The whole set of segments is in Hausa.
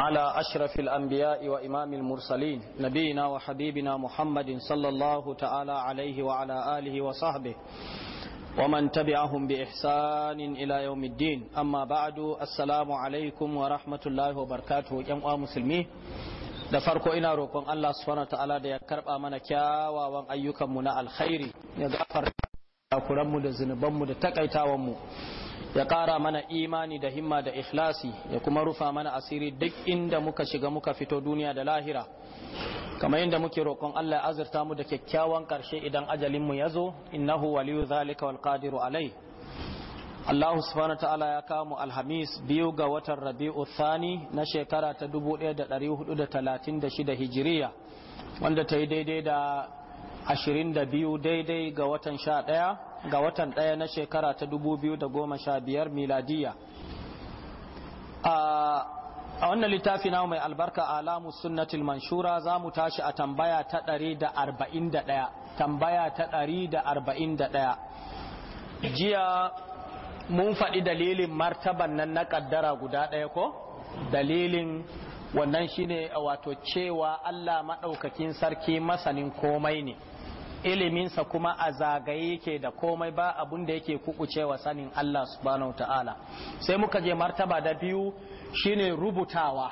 على أشرف الأنبياء وإمام المرسلين نبينا وحبيبنا محمد صلى الله تعالى عليه وعلى آله وصحبه ومن تبعهم بإحسان إلى يوم الدين أما بعد السلام عليكم ورحمة الله وبركاته جمع مسلمين da farko ina roƙon Allah subhanahu ta'ala da ya karɓa mana kyawawan ayyukanmu na alkhairi ya gafarta kuranmu da zunubanmu da takaitawanmu ya ƙara mana imani da himma da ikhlasi ya kuma rufa mana asiri duk inda muka shiga muka fito duniya da lahira kamar yadda muke roƙon Allah ya azurta mu da kyakkyawan ƙarshe idan ajalin mu ya zo innahu waliyu zalika wal qadiru alai Allah subhanahu ta'ala ya kawo mu alhamis biyu ga watan Rabi'u Thani na shekara ta 1436 Hijiriya wanda ta yi daidai da 22 daidai ga watan 11 ga watan ɗaya na shekara ta 2015 miladiya a wannan littafi na mai albarka alamu sunnatul manshura za mu tashi a tambaya ta 141 tambaya ta 141 jiya mun faɗi dalilin martaban nan na ƙaddara guda ɗaya ko dalilin wannan shine wato cewa Allah maɗaukakin sarki masanin komai ne iliminsa kuma a zagaye yake da komai ba abun da yake kukucewa sanin Allah subhanahu ta'ala sai muka je martaba da biyu shine rubutawa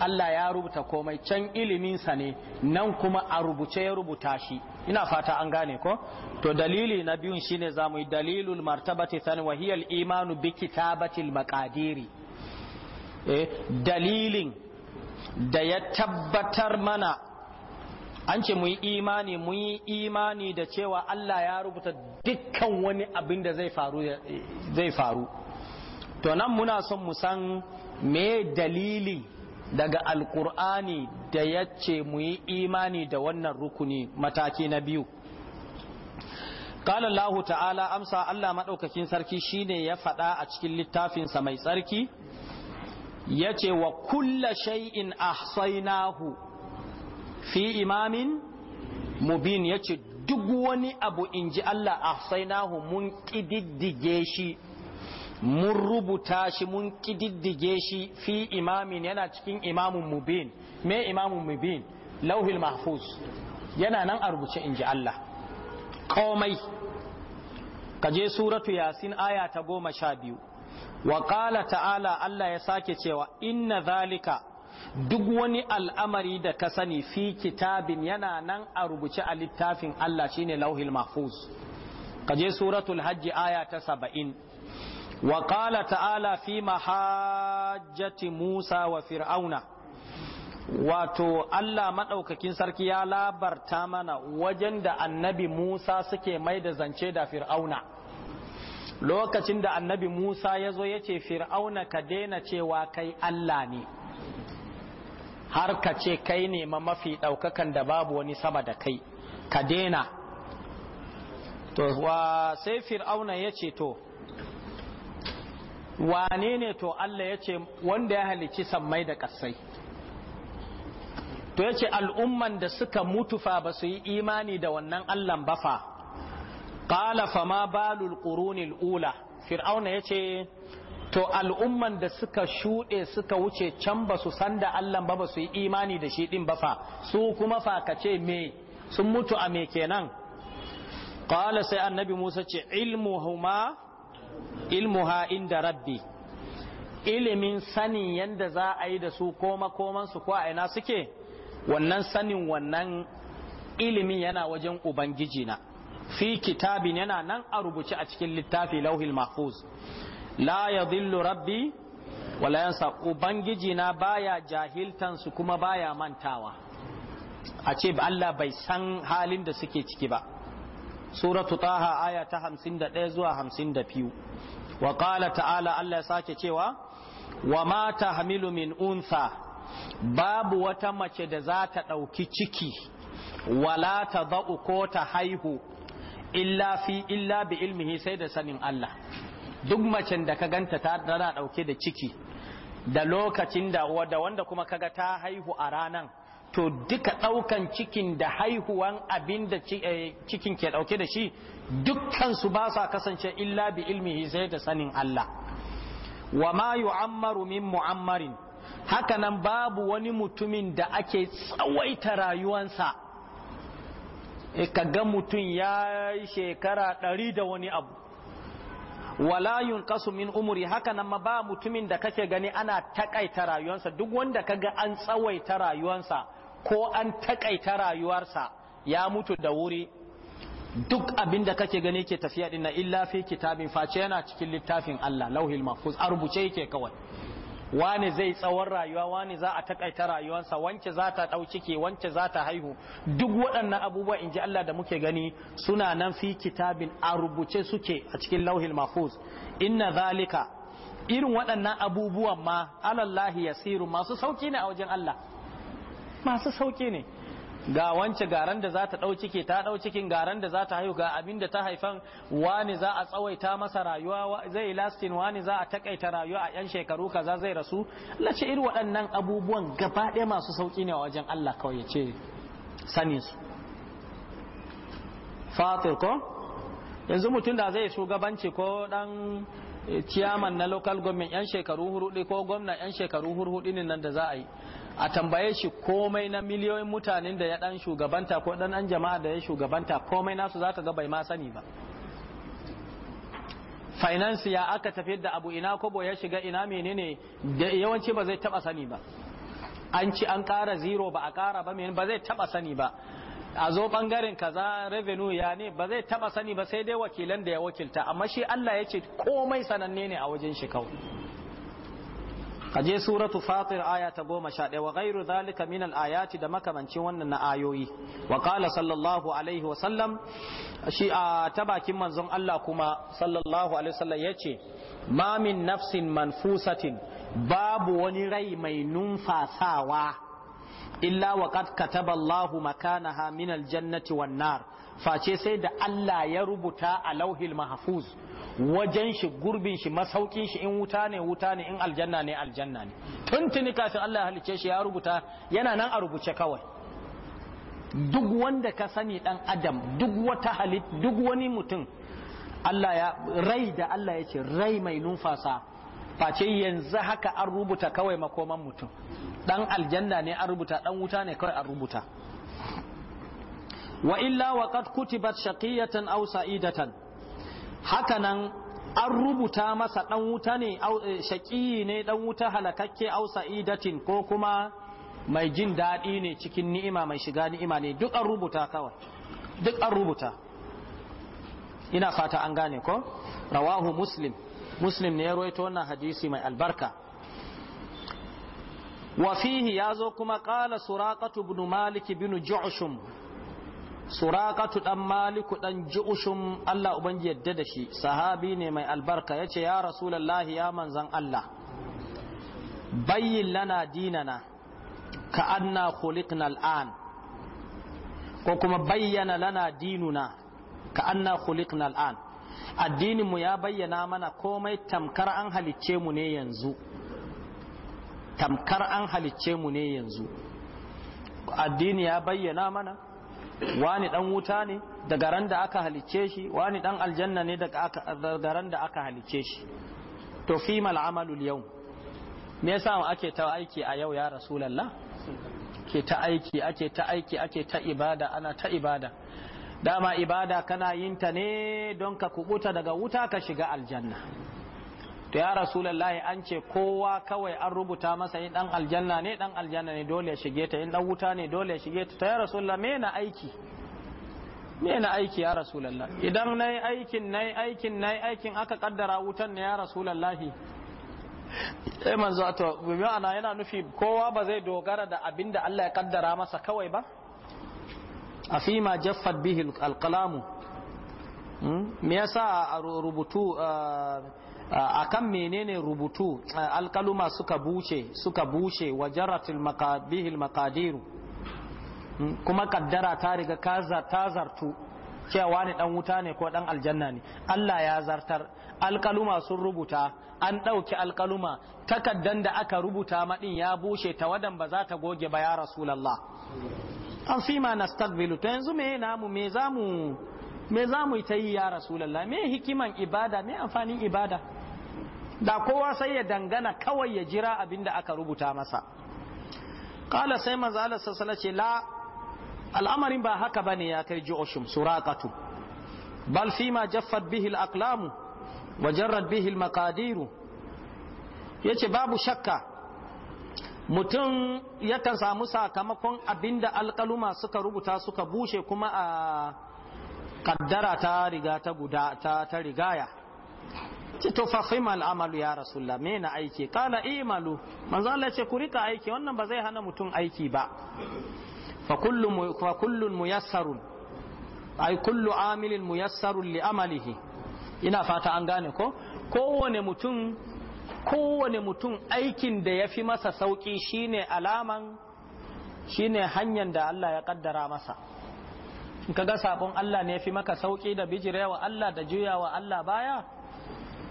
Allah ya rubuta komai can iliminsa ne nan kuma a rubuce ya rubuta shi ina fata an gane ko to dalili na biyun shine zamu yi dalilul martabati thani wa hiya imanu bi kitabatil maqadiri eh dalilin da ya tabbatar mana an ce mu imani mu imani da cewa Allah ya rubuta dukkan wani abin da zai faru to nan muna son mu san me dalili daga alkur'ani da ya ce mu yi imani da wannan rukuni mataki na biyu Kalallahu ta'ala amsa Allah maɗaukakin sarki shine ya faɗa a cikin littafinsa mai tsarki ya ce wa kulla shay'in ahsainahu fi imamin mubin yace duk wani abu in ji Allah nahu mun kididdige shi mun rubuta shi mun kididdige shi fi imamin yana cikin imamun mubin me imamun mubin lauhil mahfuz yana nan a rubuce in ji Allah komai kaje suratu yasin aya ta goma sha biyu wa ta'ala Allah ya sake cewa inna zalika duk wani al'amari da ka sani fi kitabin yana nan a rubuce a littafin Allah shine lauhil mahfuz kaje suratul hajji aya ta saba'in wa qala ta'ala fi mahajjati musa wa fir'auna wato Allah maɗaukakin sarki ya labarta mana wajen da annabi musa suke mai da zance da fir'auna lokacin da annabi musa ya zo ya ce fir'auna ka daina cewa kai Allah ne har ka ce kai ne ma mafi ɗaukakan da babu wani sama da kai ka dena to wa sai fir'auna ya ce to wane ne to Allah ya ce wanda ya halici sammai da ƙasai to yace ce al'umman da suka mutu fa ba su yi imani da wannan Allah ba fa ƙala ma balul ula fir'auna ya ce to al'umman da suka shuɗe suka wuce can ba su san da Allah ba ba su yi imani da shi ɗin ba fa su kuma fa ka ce me sun mutu a me kenan qala sai annabi Musa ce ilmu ilmu in inda rabbi ilimin sanin yanda za a yi da su koma koman su ko a ina suke wannan sanin wannan ilimin yana wajen ubangiji na fi kitabin yana nan a rubuce a cikin littafi lauhil mahfuz la yadhillu rabbi wala yansa ubangiji na baya jahiltan su kuma baya mantawa a ce Allah bai san halin da suke ciki ba suratu taha aya ta 51 zuwa 52 wa qala ta'ala Allah ya sake cewa wa ma tahmilu min unsa babu wata mace da za ta ɗauki ciki wala ta za'u ko ta haihu illa fi illa bi ilmihi sai da sanin Allah duk macen da ka ganta ta tana dauke da ciki da lokacin da wada wanda kuma kaga ta haihu a ranan to duka ɗaukan cikin da haihuwan abinda eh, cikin ke ɗauke da shi dukkan su ba sa kasance illa bi ilmihi sai da sanin Allah wa ma yu'ammaru min mu'ammarin nan babu wani mutumin da ake tsawaita rayuwansa eh, ka ga mutum ya yi shekara ɗari da wani abu wala yunqasu min umri haka nan ma ba mutumin da kake gani ana takaita rayuwarsa duk wanda kaga an tsawaita rayuwarsa ko an takaita rayuwarsa ya mutu da wuri duk abin da kake gani ke tafiya na illa fi kitabin face yana cikin littafin Allah lauhil mahfuz a rubuce yake kawai wani zai tsawon rayuwa wani za a takaita rayuwansa wance za ta dauki ke wance za ta haihu duk waɗannan abubuwa in ji Allah da muke gani suna nan fi kitabin a rubuce suke a cikin lauhil mahfuz inna zalika irin waɗannan abubuwan ma alallahi yasiru masu sauki ne a wajen Allah masu sauki ne ga wance garan da za ta ɗau ciki ta ɗau cikin garan da za ta haihu ga abin da ta haifan wani za a tsawaita masa rayuwa zai lastin wani za a takaita rayuwa a yan shekaru kaza zai rasu Allah ce irin waɗannan abubuwan gaba ɗaya masu sauki ne a wajen Allah kawai ya ce sani su fatir ko yanzu mutum da zai shugabanci ko dan ciyaman na local government yan shekaru hurhuɗi ko gwamna yan shekaru hurhuɗi ne nan da za a yi a tambaye shi komai na miliyoyin mutanen da ya dan shugabanta ko dan an jama'a da ya shugabanta komai nasu zaka ga bai ma sani ba finance ya aka tafi da abu ina kobo ya shiga ina menene yawanci ba zai taba sani ba an ci an kara zero ba a kara ba menene ba zai taba sani ba a zo bangaren kaza revenue ya ne ba zai taba sani ba sai dai wakilan da ya wakilta amma shi Allah ya ce komai sananne ne a wajen shi kawai kaje suratu fatir aya ta goma sha ɗaya wa ghairu zalika min al ayati da makamancin wannan na ayoyi wa qala sallallahu alaihi wa sallam shi a ta bakin manzon Allah kuma sallallahu alaihi wa sallam yace ma min nafsin manfusatin babu wani rai mai numfasawa illa wa qad kataba Allahu makanaha min al jannati wan nar face sai da Allah ya rubuta a lauhil mahfuz wajen shi gurbin shi masaukin shi in wuta ne wuta ne in aljanna ne aljanna ne tuntuni kafin Allah ya halice shi ya rubuta yana nan a rubuce kawai duk wanda ka sani dan adam duk wata halit duk wani mutum Allah ya rai da Allah ya ce rai mai numfasa face yanzu haka an rubuta kawai makoman mutum dan aljanna ne an rubuta dan wuta ne kawai an rubuta wa illa wa qad kutibat shaqiyatan aw sa'idatan haka nan an rubuta masa dan wuta ne eh, shaƙiyi ne dan wuta halakakke au sa'idatin ko kuma mai jin daɗi ne cikin ni'ima mai shiga ni'ima ne duk an rubuta kawai duk an rubuta ina fata an gane ko rawahu muslim muslim ne ya rawaito wannan hadisi mai albarka wa fihi yazo kuma qala suraqatu ibn malik ibn ju'shum suraqatu dan maliku dan ju'ushum Allah ubangi yadda da shi sahabi ne mai albarka yace ya rasulullahi ya manzan Allah bayyin lana dinana ka anna khuliqna al'an ko kuma bayyana lana dinuna ka anna khuliqna al'an addinin mu ya bayyana mana komai tamkar an halicce mu ne yanzu tamkar an halicce mu ne yanzu addini ya bayyana mana wani dan wuta ne daga ran da aka halicce shi wani dan aljanna ne daga ran da aka halicce shi to fi mal amalul yau me yasa ake ta aiki a yau ya rasulullah ke ta aiki ake ta aiki ake ta ibada ana ta ibada dama ibada kana yin ta ne don ka kubuta daga wuta ka shiga aljanna ya rasulullahi an ce kowa kawai an rubuta masa in dan aljanna ne dan aljanna ne dole ya shige ta in dan wuta ne dole ya shige ta ya rasulullahi me na aiki me na aiki ya rasulullahi idan nayi aikin nayi aikin nayi aikin aka kaddara wutan ne ya rasulullahi eh manzo to ma'ana yana nufi kowa ba zai dogara da abinda Allah ya kaddara masa kawai ba a fi ma jaffat bihi alqalamu hmm? me yasa rubutu ah, akan menene rubutu alkaluma suka buce suka bushe wa jaratil maqabihil makadiru hmm, kuma kaddara ta riga ta zartu cewa ne dan wuta ne ko dan aljanna ne Allah ya zartar alkaluma sun rubuta an ɗauki alkaluma takaddan da aka rubuta maɗin ya bushe tawadan ba za ta goge ba ya rasulullah an fi ma nastaqbilu to yanzu me namu me zamu me yi ta yi ya rasulallah me hikiman ibada me amfanin ibada da kowa sai ya dangana kawai ya jira abin da aka rubuta masa kala sai manzo Allah sassala ce la al'amarin ba haka bane ya kai ju'ushum suraqatu bal fi ma jaffat bihi al-aqlam wa jarrat bihi al yace babu shakka mutum yakan samu sakamakon abinda alkaluma suka rubuta suka bushe kuma a kaddara ta riga ta guda ta rigaya ce to fa amalu ya rasulullah me na aiki kala imalu manzo Allah ce ku rika aiki wannan ba zai hana mutum aiki ba fa kullu fa kullun muyassarun ai kullu amilin muyassarun li amalihi ina fata an gane ko kowane mutum kowane mutum aikin da ya fi masa sauki shine alaman shine hanyar da Allah ya kaddara masa in kaga sabon Allah ne ya fi maka sauki da bijirewa Allah da juyawa Allah baya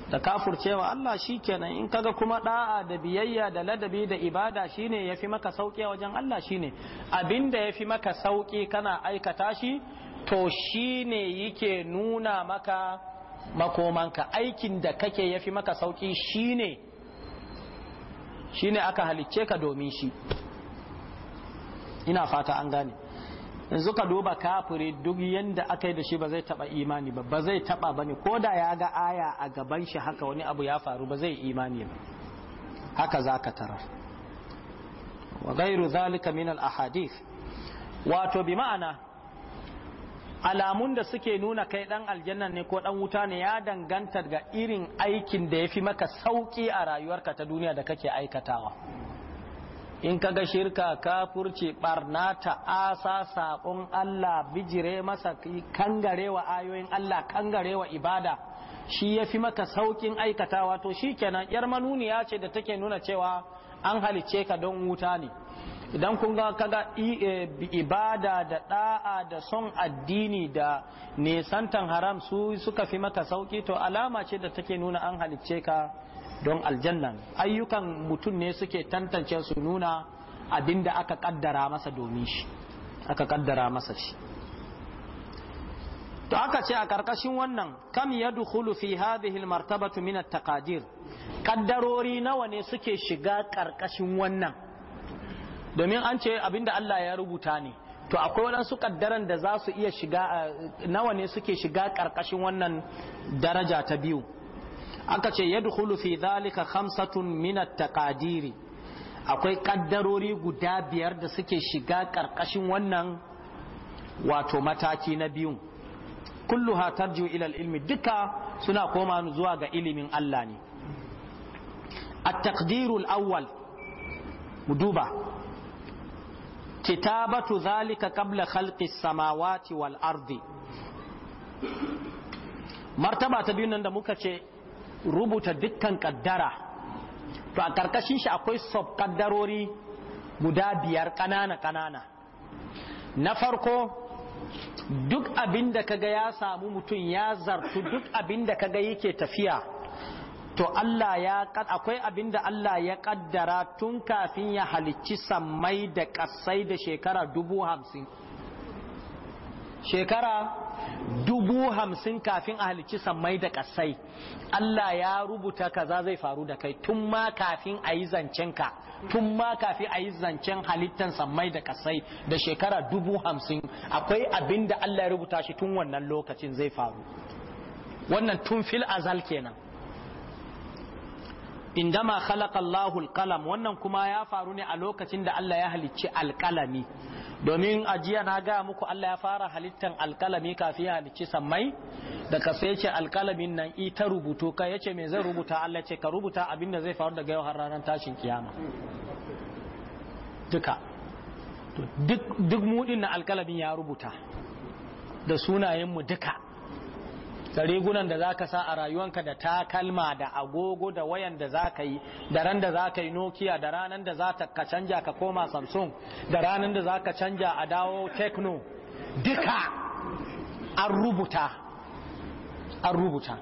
da kafurcewa Allah shi kenan in kaga kuma da'a da biyayya da ladabi da ibada shine yafi maka sauki wajen Allah shine abinda yafi maka sauki kana aikata shi to shine yake nuna maka makomanka aikin da kake yafi maka sauki shine shine aka halicce ka domin shi ina fata an gane yanzu ka duba kafiri duk yanda aka yi da shi ba zai taba imani ba ba zai taba bane ko da ya ga aya a gaban shi haka wani abu ya faru ba zai imani ba haka za ka tarar wa gairu zalika min al ahadith wato bi ma'ana alamun da suke nuna kai dan aljanna ne ko dan wuta ne ya danganta ga irin aikin da ya fi maka sauki a rayuwarka ta duniya da kake aikatawa in kaga shirka kafurci barna ta asa saƙon Allah bijire masa kangarewa ayoyin Allah kangarewa ibada shi ya fi maka saukin aikatawa to shi kenan yar manuniya ce da take nuna cewa an halicce ka don wuta ne idan kun ga kaga e, ibada da da'a da son addini da nesantan haram su suka fi maka sauki to alama ce da take nuna an halicce ka don aljannan ayyukan mutum ne suke tantance su nuna abinda aka kaddara masa domin shi aka kaddara masa shi to aka ce a karkashin wannan kam yadkhulu fi hadhihi almartabatu min at-taqadir kaddarori nawa ne suke shiga karkashin wannan domin an ce abinda Allah ya rubuta ne to akwai waɗansu kaddaran da za su iya shiga eh, nawa ne suke shiga karkashin wannan daraja ta biyu aka ce yadkhulu fi dhalika khamsatun min taqadiri akwai kaddarori guda biyar da suke shiga karkashin wannan wato mataki na biyu kulluha tarji'u ila ilmi duka suna koma zuwa ga ilimin Allah ne at-taqdiru al-awwal duba kitabatu dhalika qabla khalqi samawati wal ardi martaba ta biyun nan da muka ce rubuta dukkan kaddara to a karkashin shi akwai sub kaddarori guda biyar kanana kanana na farko duk abin da kaga ya samu mutum ya zartu duk abin da kaga yake tafiya to Allah ya akwai abin da Allah ya kaddara tun kafin ya halicci sammai da kasai da shekara dubu hamsin shekara dubu hamsin kafin a halicci sammai da kasai Allah ya rubuta kaza zai faru da kai tun ma kafin a yi zancenka tun ma kafin a yi zancen halittan sammai da kasai da shekara dubu hamsin akwai abinda Allah ya rubuta shi tun wannan lokacin zai faru wannan tun fil azal kenan indama khalaqa alqalam wannan kuma ya faru ne a lokacin da Allah ya halicci alqalami domin ajiya na ga muku Allah ya fara halittan alqalami kafin ya halicci sammai da ka sai ce alqalamin nan ita rubutu ka yace me zai rubuta Allah ce ka rubuta abin da zai faru daga yau har ranar tashin kiyama duka duk duk mudin na alqalamin ya rubuta da sunayen mu duka da rigunan da zaka sa a rayuwanka da takalma da agogo da wayan da zaka yi da ran da zaka yi Nokia da ranan da zaka ka canja ka koma Samsung da ranan da zaka canja a dawo tekno. duka an rubuta an rubuta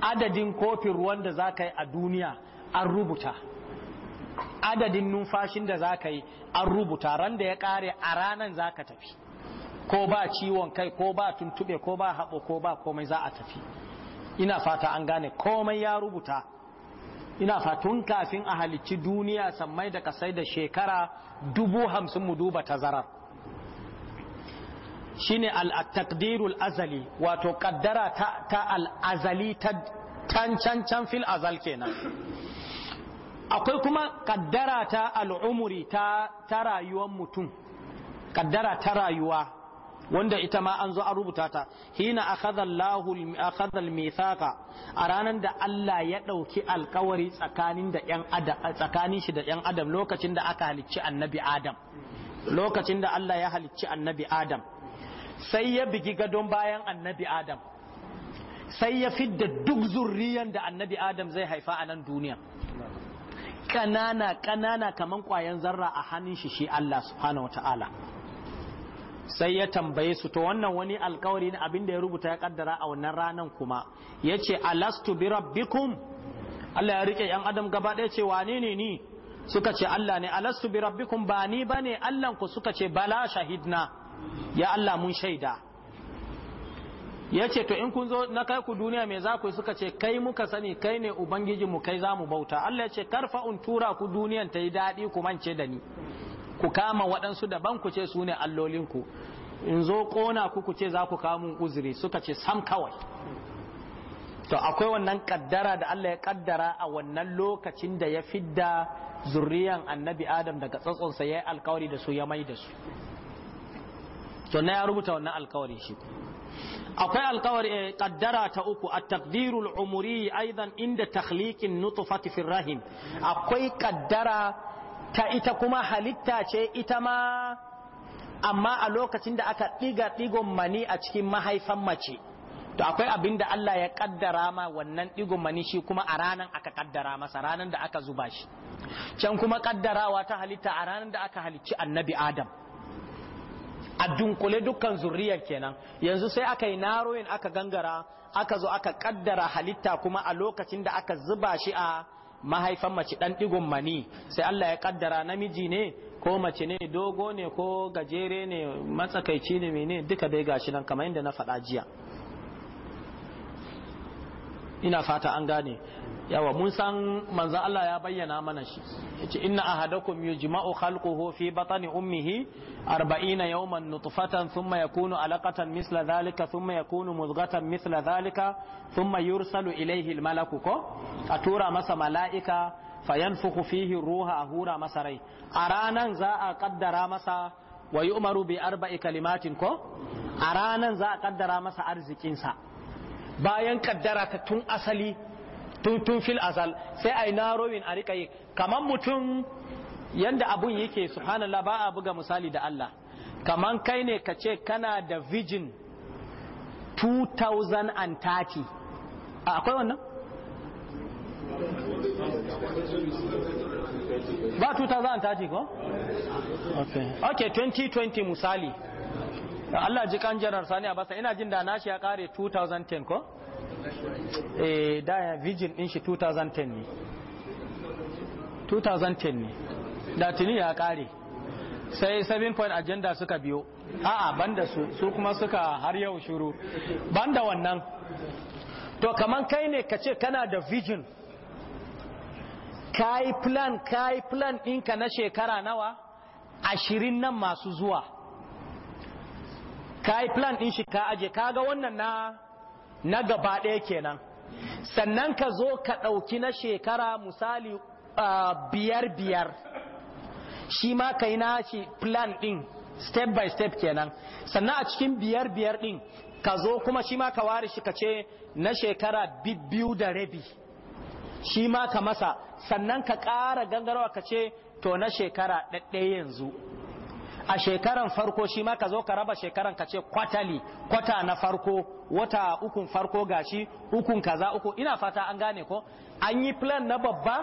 adadin kofin ruwan da zaka yi a duniya an rubuta adadin numfashin da zaka yi an rubuta ran da ya kare a ranan zaka tafi ko ba ciwon kai ko ba tuntube ko ba haɓo ko ba komai za a tafi ina fata an gane komai ya rubuta ina fatun kafin a halicci duniya sammai da kasai da shekara dubu hamsin mu duba tazarar shine ne taqdirul azali wato kaddara ta, al-azali ta can fil azal kenan akwai kuma kaddara ta al'umuri ta, ta rayuwar mutum kaddara ta rayuwa wanda ita ma an zo an rubuta ta hina akhadha Allahu akhadha al-mithaqa a ranan da Allah ya dauki alkawari tsakanin da yan adam tsakanin shi da yan adam lokacin da aka halicci annabi Adam lokacin da Allah ya halicci annabi Adam sai ya bigi gadon bayan annabi Adam sai ya fidda duk zurriyan da annabi Adam zai haifa a nan duniya kanana kanana kaman kwayan zarra a hannun shi shi Allah subhanahu wataala sai ya tambaye su to wannan wani alkawari ne abinda ya rubuta ya kaddara a wannan ranan kuma ya ce alastu bi rabbikum Allah ya rike yan adam gaba ɗaya ce wane ne ni suka ce Allah ne alastu bi rabbikum ba ni bane Allah ku suka ce bala shahidna ya Allah mun shaida ya to in kun zo na kai ku duniya mai za ku yi suka ce kai muka sani kai ne ubangijinmu kai zamu bauta Allah ya ce karfa untura ku duniyan ta yi daɗi ku mance da ni ku kama waɗansu daban ku ce su ne allolinku in zo ƙona ku ku ce za ku kamun uzuri suka ce sam kawai to akwai wannan kaddara da Allah ya ƙaddara a wannan lokacin da ya fidda zurriyan annabi adam daga tsatsonsa ya yi alkawari da su ya mai da su to na ya rubuta wannan alkawari shi akwai alkawari kaddara eh, ta uku a takdirul umuri aidan inda takhliqin nutfati fi rahim akwai ƙaddara. ta ita kuma halitta ce ita ma amma a lokacin da aka ɗiga ɗigon mani a cikin mahaifan mace to akwai abin da Allah ya kaddara ma wannan ɗigon mani shi kuma a ranan aka kaddara masa ranan da aka zuba shi can kuma ƙaddarawa ta halitta a ranan da aka halicci annabi adam a dunkule dukkan zuriyar kenan yanzu sai aka yi naroyin aka gangara aka zo aka ƙaddara halitta kuma a lokacin da aka zuba shi a mahaifan mace dan digon mani sai Allah ya kaddara namiji ne ko mace ne dogo ne ko gajere ne matsakaici ne mene duka dai gashi nan kamar yadda na faɗa jiya ina fata an gane yawa mun san manzan Allah ya bayyana mana shi yace inna ahadakum yujma'u khalquhu fi batni ummihi 40 yawman nutfatan thumma yakunu alaqatan misla dhalika thumma yakunu mudghatan misla dhalika thumma yursalu ilayhi almalaku ko atura masa mala'ika fayanfukhu fihi ruha ahura masa rai a ranan za a kaddara masa wa yu'maru bi arba'i kalimatin ko a ranan za a kaddara masa arzikinsa bayan kaddara ta tun asali tun tun fil asal sai ai rowin a rika yi kaman mutum yanda abun yake subhanallah ba a buga misali da Allah kaman kai ne ka ce kana da vision 2030 akwai wannan ba 2030 ko? okay ok 2020 misali Allah ji kan janar sani a basa ina jin da nashi ya kare 2010 ko? eh da ya vision din shi 2010 ne 2010 ne da tuni ya kare sai 7 point agenda suka biyo a'a banda su su kuma suka har yau shuru banda wannan to kaman kai ne ka ce kana da vision ka yi plan ka yi plan ɗinka na shekara nawa ashirin nan masu zuwa ka yi plan ɗin shi ka aje ka ga wannan na na gaba ɗaya kenan sannan ka zo ka ɗauki na shekara misali biyar biyar shi ma ka yi na shi plan ɗin step by step kenan sannan a cikin biyar biyar ɗin ka zo kuma shi ma ka ware shi ka ce na shekara biyu da rabi shi ma ka masa sannan ka ƙara gangarwa ka ce to na shekara ɗaɗɗe yanzu a shekaran farko shi ma ka zo ka raba shekaran ka ce kwatali kwata na farko wata ukun farko gashi ukun kaza uku ina fata an gane ko an yi plan na babba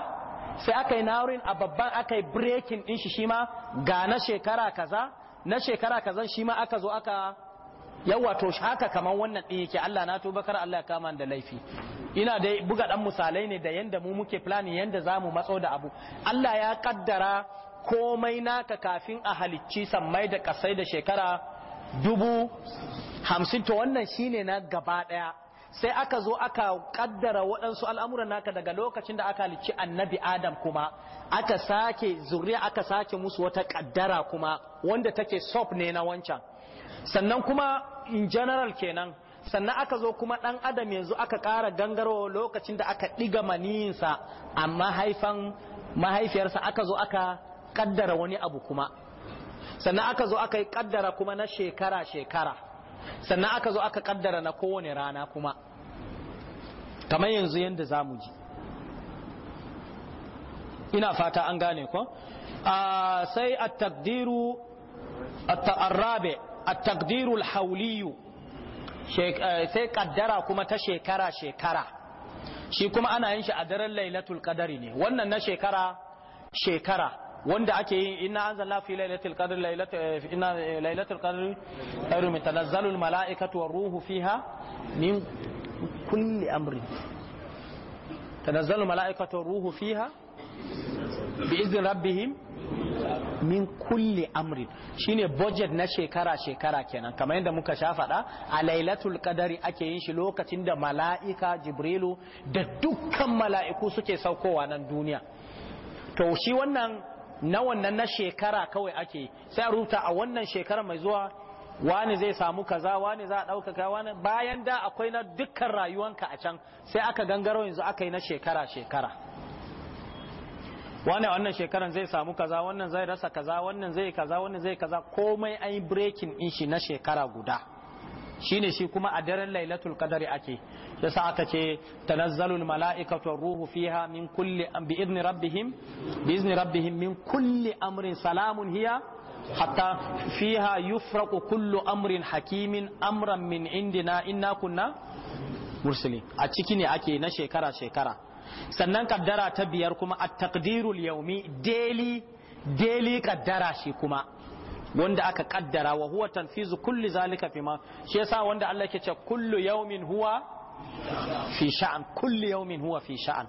sai aka yi naurin a babban aka yi breaking din shi shi ma ga na shekara kaza na shekara kaza shi ma aka zo aka yawa to haka kamar wannan din yake Allah na tuba kar Allah ya kama da laifi ina da buga dan misalai ne da yanda mu muke planning yanda zamu matso da abu Allah ya kaddara komai naka kafin a halicci sammai da kasai da shekara dubu hamsin to wannan shine na gaba daya sai aka zo aka kaddara waɗansu al'amuran naka daga lokacin da aka halicci annabi adam kuma aka sake zuriya aka sake musu wata kaddara kuma wanda take sop ne na wancan sannan kuma in general kenan sannan aka zo kuma ɗan adam yanzu aka ƙara gangarwa lokacin da aka ɗiga maniyinsa amma haifan mahaifiyarsa aka zo aka kaddara wani abu kuma sannan aka zo aka yi kaddara kuma na shekara-shekara sannan aka zo aka kaddara na kowane rana kuma kamar yanzu yadda za mu ji ina fata an gane ko sai a takdiru rabe a takdiru alhauliyu sai kaddara kuma ta shekara-shekara shi kuma ana yin shi a daren lailatul kadari ne wannan na shekara-shekara wanda ake yi inna anzalna fi lailatul qadr lailatul eh, inna eh, lailatul qadr khairu min tanazzalul malaikatu waruhu fiha min kulli amrin tanazzalul malaikatu waruhu fiha bi idzin rabbihim min kulli amrin shine budget na shekara shekara kenan kamar yadda muka sha faɗa a lailatul qadari ake yin shi lokacin da mala'ika jibrilu da dukkan mala'iku suke saukowa nan duniya to shi wannan na wannan na shekara kawai ake sai a rubuta a wannan shekara mai zuwa wani zai samu kaza wani za a ɗaukaka wani bayan da akwai na dukkan rayuwanka a can sai aka gangaro yanzu aka yi na shekara-shekara wani wannan shekaran zai samu kaza wannan zai rasa kaza wannan zai kaza wannan zai kaza komai an yi breaking in shi na shekara guda shine shi kuma a daren lailatul qadari ake yasa aka ce tanazzalul mala'ikatu ruhu fiha min kulli bi idni rabbihim bi izni rabbihim min kulli amrin salamun hiya hatta fiha yufraqu kullu amrin hakimin amran min indina inna kunna mursalin a ciki ne ake na shekara shekara sannan kaddara ta biyar kuma at taqdirul yaumi daily daily kaddara shi kuma wanda aka kaddara wa huwa tanfizu kulli zalika fi ma shi yasa wanda Allah ke ce kullu yawmin huwa fi sha'an kullu yawmin huwa fi sha'an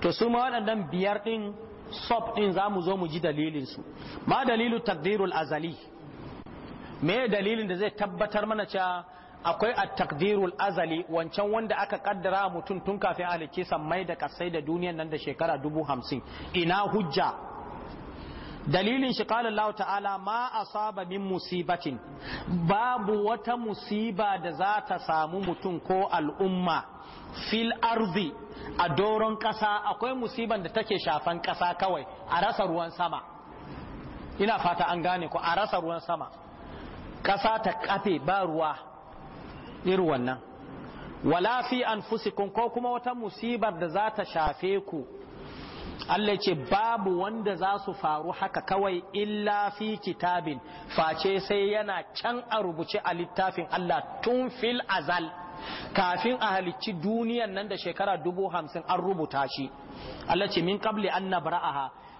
to su ma waɗannan biyar din sub din zamu zo mu ji dalilin su ma dalilu taqdirul azali me dalilin da zai tabbatar mana cewa akwai a takdirul azali wancan wanda aka kaddara mutum tun kafin halicci mai da kasai da duniyan nan da shekara dubu hamsin ina hujja dalilin shi kala Allah ta'ala ma asaba min musibatin babu wata musiba da za ta samu mutum ko al'umma fil arzi a doron ƙasa akwai musiban da take shafan ƙasa kawai a rasa ruwan sama ina fata an gane ko a rasa ruwan sama ƙasa ta kafe ba ruwa irin wannan wala fi anfusikum ko kuma wata musibar da za ta shafe ku Allah ce babu wanda za su faru haka kawai illa fi kitabin face sai yana can a rubuce a littafin Allah tun fil azal kafin a halicci duniyan nan da shekara dubu hamsin an rubuta shi Allah ce min kabli an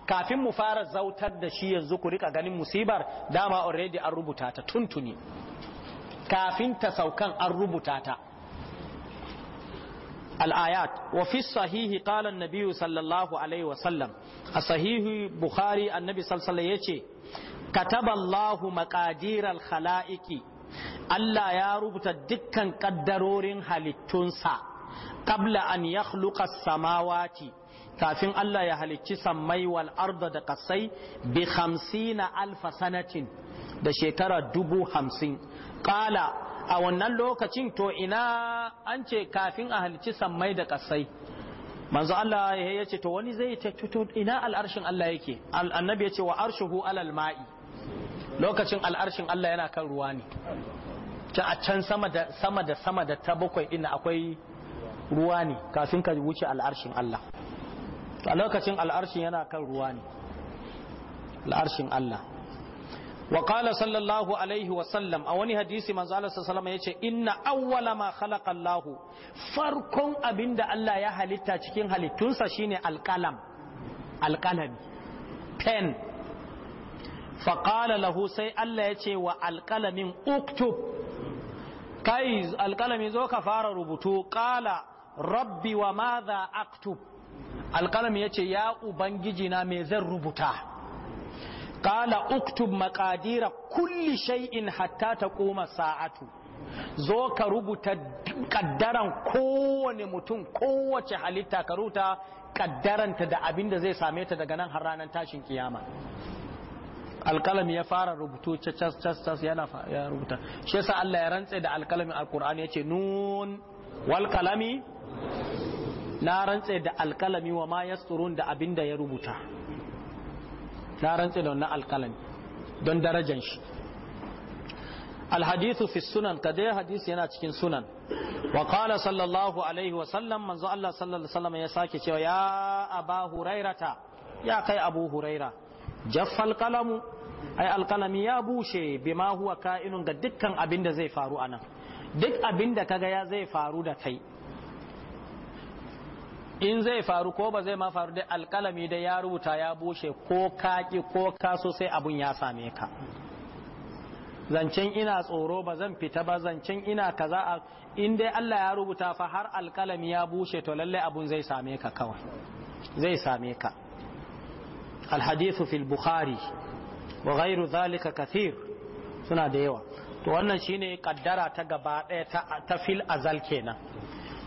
kafin mu fara zautar da shi yanzu ku rika ganin musibar dama already an rubuta ta tuntuni kafin ta saukan an rubuta ta الآيات وفي الصحيح قال النبي صلى الله عليه وسلم الصحيح بخاري النبي صلى الله عليه وسلم كتب الله مقادير الخلائق Allah ya rubuta dukkan kaddarorin halittunsa qabla an yakluƙa yakhluqa samawati kafin Allah ya halicci sammai wal da kasai bi hamsina alfa sanatin da shekarar dubu hamsin ƙala a wannan lokacin to ina an ce kafin a halici sammai da kasai manzo Allah ya ce to wani zai ce to ina al'arshin Allah yake annabi ya ce wa arshuhu alal ma'i lokacin al'arshin Allah yana kan ruwa ne ta a can sama da sama da sama da ta bakwai din akwai ruwa ne kafin ka wuce al'arshin Allah a lokacin al'arshin yana kan ruwa ne al'arshin Allah wa qala sallallahu alaihi wa sallam a wani hadisi manzo Allah sallallahu alaihi yace inna awwala ma khalaqa Allah farkon abinda Allah ya halitta cikin halittunsa shine alqalam alqalami pen fa lahu sai Allah yace wa alqalamin uktub kai alqalami zo ka fara rubutu qala rabbi wa aktu. aktub alqalami yace ya ubangiji na me zan rubuta qala uktub maqadira kulli shay'in hatta taquma sa'atu zo ka rubuta kaddaran kowane mutum kowace halitta ka rubuta kaddaranta da abin da zai same ta daga nan har ranar tashin kiyama alkalami ya fara rubutu cas cas cas yana ya rubuta shi yasa Allah ya rantse da alkalamin alkur'ani yace nun wal kalami na rantse da alkalami wa ma yasturun da abinda ya rubuta na rantse da wannan alkalami don darajan shi alhadithu fi sunan hadisi yana cikin sunan wa qala sallallahu alaihi wa sallam manzo Allah sallallahu alaihi wasallam ya sake cewa ya aba hurairata ya kai abu huraira jaffal qalamu ai alkalami ya bushe bima huwa ka'inun ga dukkan abin da zai faru anan duk abin da kaga ya zai faru da kai in zai faru ko ba zai ma faru da alkalami da ya rubuta ya bushe ko kaki ko kaso sai abun ya same ka zancen ina tsoro ba zan fita ba zancen ina kaza a in dai Allah ya rubuta fa har alkalami ya bushe to lalle abun zai same ka kawai zai same ka alhadithu fil bukhari wa ghairu zalika kathir suna da yawa to wannan shine kaddara ta gaba ɗaya ta fil azal kenan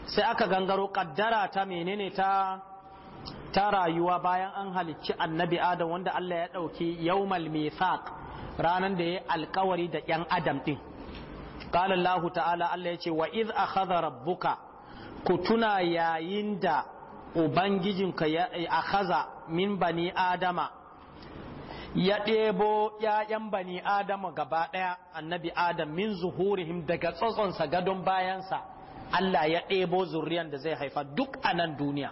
sai aka gangaro kaddara ta menene ta ta rayuwa bayan an halicci annabi adam wanda Allah ya ɗauki yawmal mithaq ranan da ya alkawari da yan adam din qala Allah ta'ala Allah ya ce wa iz akhadha rabbuka ku tuna yayin da ubangijinka ya eh, akhaza min bani adama ya ɗebo ‘ya'yan bani adama gaba ɗaya annabi adam min zuhurihim daga tsotsonsa gadon bayansa Allah ya ɗebo zuriyan da zai haifa duk a nan duniya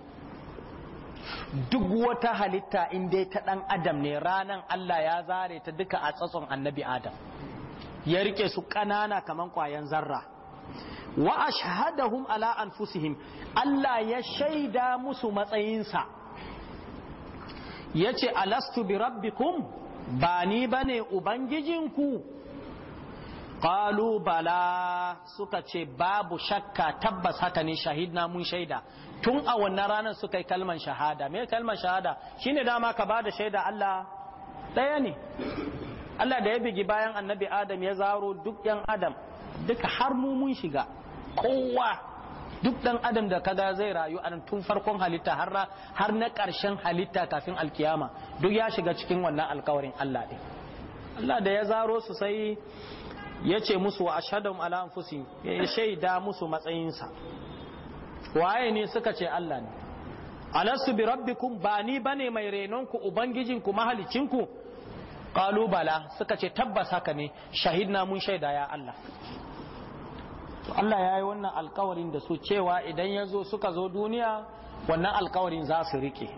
duk wata halitta in dai ta ɗan adam ne ranan Allah ya zare ta duka a tsatson annabi adam ya rike su ƙanana kamar ƙwayan zarra wa ashhadahum ala anfusihim Allah ya shaida musu matsayinsa Ya yace alastu bi rabbikum ba ni bane ubangijinku qalu bala suka ce babu shakka tabbas haka ne shahidna mun shaida tun a wannan ranar suka yi kalman shahada me kalman shahada shine dama ka bada shaida Allah daya ne Allah da ya bigi bayan annabi Adam ya zaro duk yan Adam duka har mu mun shiga kowa duk dan adam da kaga zai rayu a tun farkon halitta har har na karshen halitta kafin alkiyama duk ya shiga cikin wannan alkawarin Allah din Allah da ya zaro su sai ya ce musu wa ashadum ala anfusihim ya shaida musu matsayinsa waye ne suka ce Allah ne alastu bi rabbikum ba ni bane mai renonku ubangijinku mahalicinku qalu bala suka ce tabbas haka ne shahidna mun shaida ya Allah Allah ya yi wannan alkawarin da su cewa idan ya zo suka zo duniya wannan alkawarin za su rike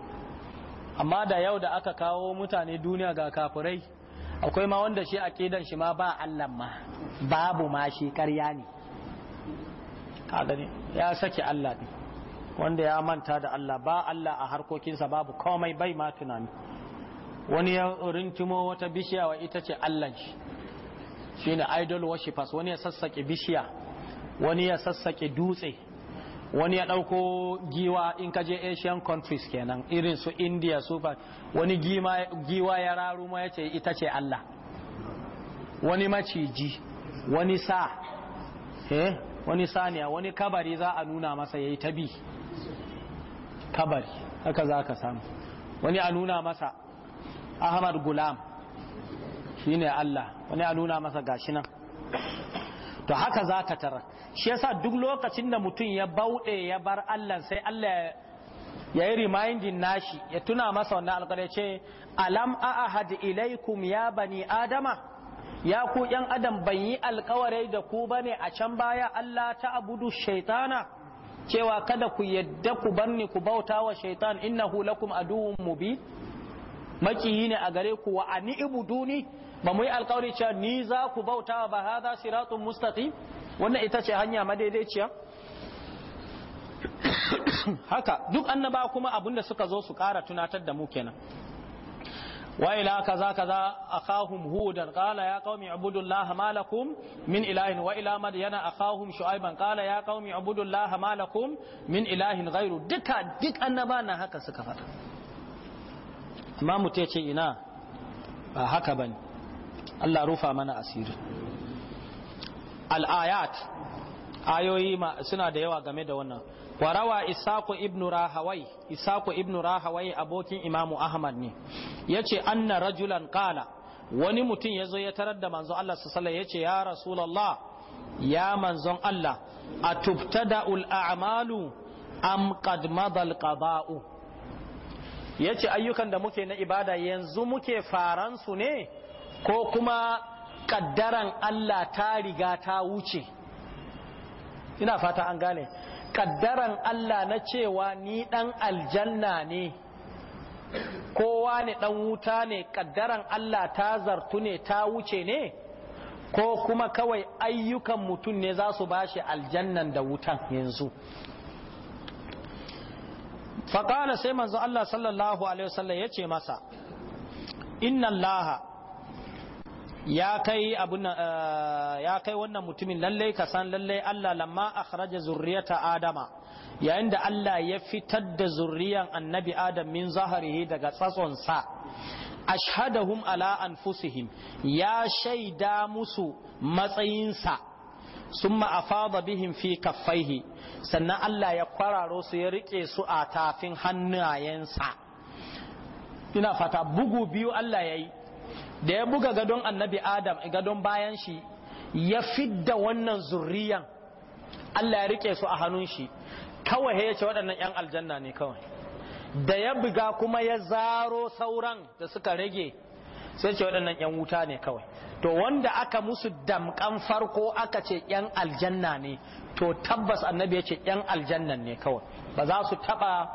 amma da yau da aka kawo mutane duniya ga kafirai akwai ma wanda shi aqidan shi ma ba Allah ma babu ma shi ƙarya ne ka ya saki Allah ne wanda ya manta da Allah ba Allah a harkokinsa babu komai bai ma tunani wani ya rintimo wata bishiya wa ita ce Allah shi shine idol worshipers wani ya sassake bishiya wani ya sassake dutse wani ya ɗauko giwa in kaje asian countries kenan irin su india su wani giwa ya raru ma ya ce ita ce allah wani maciji wani sa eh wani saniya wani kabari za a nuna masa ya yi tabi kabari haka za ka samu wani a nuna masa ahmad gulam shine allah wani a nuna masa gashi nan to haka za ka tara shi yasa duk lokacin da mutum ya bauɗe ya bar Allah sai Allah ya yi reminding nashi ya tuna masa wannan alƙar ce alam ahad ilaikum ya bani adama ya ku yan adam ban yi alkawarai da ku bane a can baya Allah ta abudu shaitana cewa kada ku yadda ku banni ku bauta wa shaitan innahu lakum duhun mubin makiyi ne a gare ku wa ani ibuduni ba mu yi alkawari cewa ni za ku bauta wa ba hada siratun mustaqim wannan ita ce hanya madaidaiciya haka duk annaba kuma da suka zo su ƙara tunatar da mu kenan wa ila kaza kaza akahum hudan qala ya qaumi ibudullaha ma lakum min ilahin wa ila madyana akahum shu'aiban qala ya qaumi ibudullaha ma lakum min ilahin ghairu duka duk annaba na haka suka faɗa amma mu ina ba haka bane Allah rufa mana asiri al-ayat ayoyi suna da yawa game da wannan warawa isaku ibn rahawai isaku ibn rahawai abokin imamu ahmad ne yace anna rajulan kala. wani mutum ya zo ya tarar da manzon Allah sallallahu Ya ce ya rasulullah ya manzon Allah atubtada'ul a'malu am qad madal Ya yace ayyukan da muke na ibada yanzu muke faransu ne ko kuma kaddaran Allah ta riga ta wuce ina fata an gane kaddaran Allah na cewa ni dan aljanna ne kowa ne dan wuta ne kaddaran Allah ta zartu ne ta wuce ne ko kuma kawai ayyukan mutum ne za su bashi aljannan da wutan yanzu faƙala sai manzo Allah sallallahu alaihi wasallam ya ce masa inna laha. Eh, ya kai wannan mutumin lallai ka san lallai Allah lamma akhraja zurriyata adama yayin da Allah ya fitar da zurriyan annabi adam min zaharihi daga sa ashhadahum ala anfusihim ya shaida musu matsayinsa summa afada bihim fi kaffaihi sannan Allah ya kwararo su ya rike su a tafin hannayensa ina fata bugu biyu Allah ya yi da ya buga gadon annabi adam eh, gadon bayan shi ya fidda wannan zurriyan Allah ya rike su a hannun shi kawai ya ce waɗannan 'yan aljanna ne kawai da ya buga kuma ya zaro sauran da suka rage sai ce waɗannan 'yan wuta ne kawai to wanda aka musu damkan farko aka ce 'yan aljanna ne to tabbas annabi ya ce 'yan aljanna ne kawai ba za su taɓa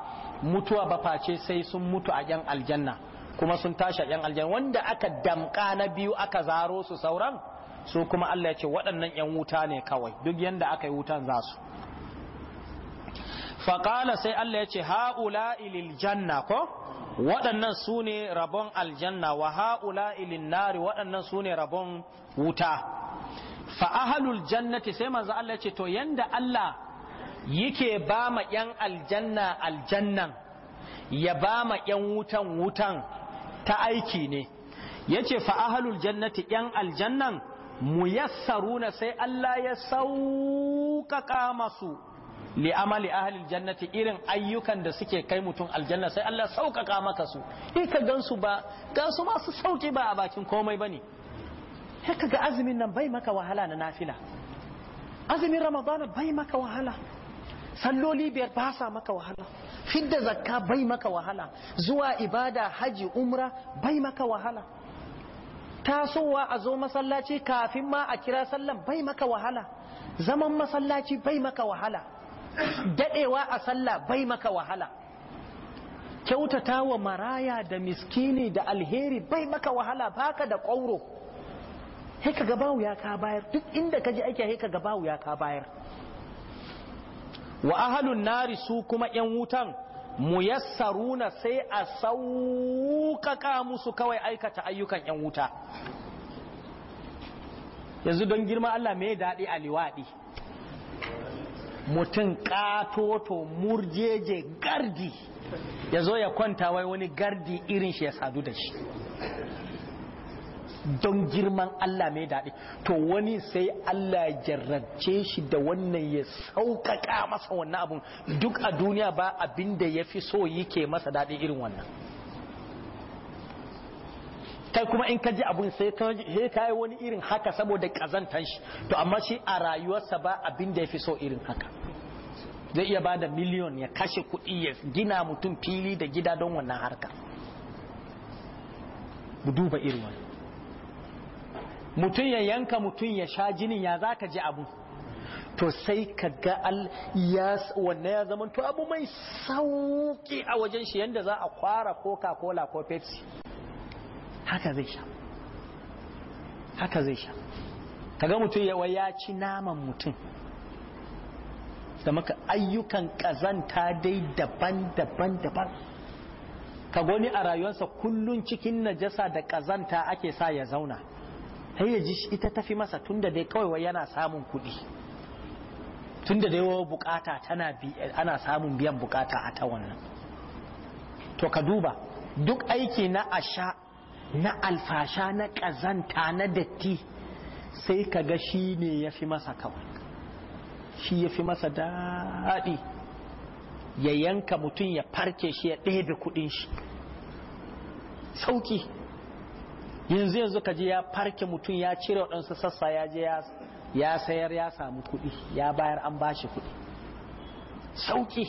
mutuwa ba face sai sun mutu a 'yan aljanna kuma sun tashi yan aljanna wanda aka damƙa na biyu aka zaro su sauran su kuma Allah ya ce waɗannan yan wuta ne kawai duk yanda aka yi wutan za su faƙala sai Allah ya ce ha'ula ilil janna ko waɗannan su ne rabon aljanna wa ha'ula ilin nari waɗannan su ne rabon wuta fa ahalul jannati sai manzo Allah ya ce to yanda Allah yake ba ma ‘yan aljanna aljannan ya ba ma ‘yan wutan wutan ta aiki ne yace fa fa’ahalul jannati yan aljannan mu na sai Allah ya sauƙaƙa masu li'amali a halin jannati irin ayyukan da suke kai mutum aljanna sai Allah sauƙaƙa maka su in ka gansu ba gansu masu sauƙi ba a bakin komai ba ne. haka ga azumin nan bai maka wahala na nafila azumin ramadana bai maka wahala salloli biyar ba sa maka wahala fidda zakka bai maka wahala zuwa ibada haji umra bai maka wahala tasowa a zo masallaci kafin ma a kira sallan bai maka wahala zaman masallaci bai maka wahala dadewa a sallah bai maka wahala kyautata wa maraya da miskini da alheri bai maka wahala baka da ƙwauro haika gabawu ya ka bayar duk inda kaji aiki ake haika gabawu ya ka bayar wa ahalun nari su kuma ‘yan wutan mu na sai a sauƙaƙa musu kawai aikata ayyukan ‘yan wuta yanzu don girma Allah mai daɗi a liwaɗi mutum ƙatoto murjeje gardi ya zo ya kwanta wai wani gardi irin shi ya sadu da shi don girman Allah mai daɗi to wani sai Allah jarrace shi da wannan ya sauƙaƙa masa wannan abun duk a duniya ba abin da ya fi so yake masa daɗi irin wannan kai kuma in ka ji abun sai ka yi wani irin haka saboda kazantar shi to amma shi a rayuwarsa ba abin da ya fi so irin haka zai iya ba da miliyon ya kashe kuɗi ya gina mutum fili da gida don wannan harka duba irin wannan mutum ya yanka mutum ya sha jinin ya za ka ji abu to sai ka ga al ya wannan ya zama to abu mai sauki a wajen shi yadda za a kwara coca cola ko pepsi haka zai sha haka zai sha Ka ga mutum yawa ya ci naman mutum da maka ayyukan kazanta dai daban-daban daban ka goni a rayuwarsa kullum cikin najasa da kazanta ake sa ya zauna sai ya ji ita tafi masa tunda dai kawai yana samun kuɗi tunda dai wa bukata tana ana samun biyan bukata a ta wannan to ka duba duk aiki na asha na alfasha na ƙazanta na datti sai ka ga shi ne ya fi masa kawai shi ya masa daɗi ya yanka mutum ya farke shi ya ɗebe kuɗin shi sauki yanzu yanzu ka je ya farke mutum ya cire waɗansu sassa ya je ya sayar ya samu kuɗi ya bayar an ba shi kuɗi sauƙi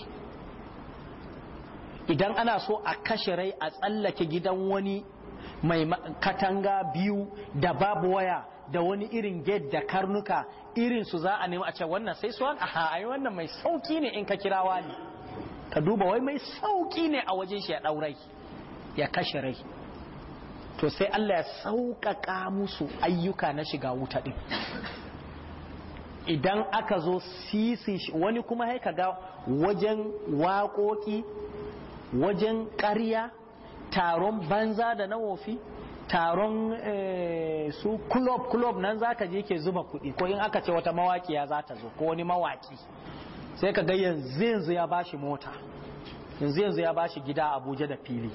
idan ana so a kashe rai a tsallake gidan wani mai katanga biyu da babu waya da wani irin gate da karnuka irin su za a nemi a ce wannan sai su wani aha ai wannan mai sauƙi ne in ka kira ne ka duba wai mai sauƙi ne a wajen shi ya ɗaurai ya kashe rai to sai Allah ya sauƙaƙa musu ayyuka na shiga wuta ɗin idan aka zo sisi wani kuma haika ga wajen waƙoƙi wajen ƙarya taron banza da na wofi taron eh, su kulob club nan ka je ke zuba kuɗi ko in aka ce wata mawaƙiya za ta zo ko wani mawaƙi sai ka ga yanzu yanzu ya bashi mota yanzu yanzu ya bashi gida abuja da fili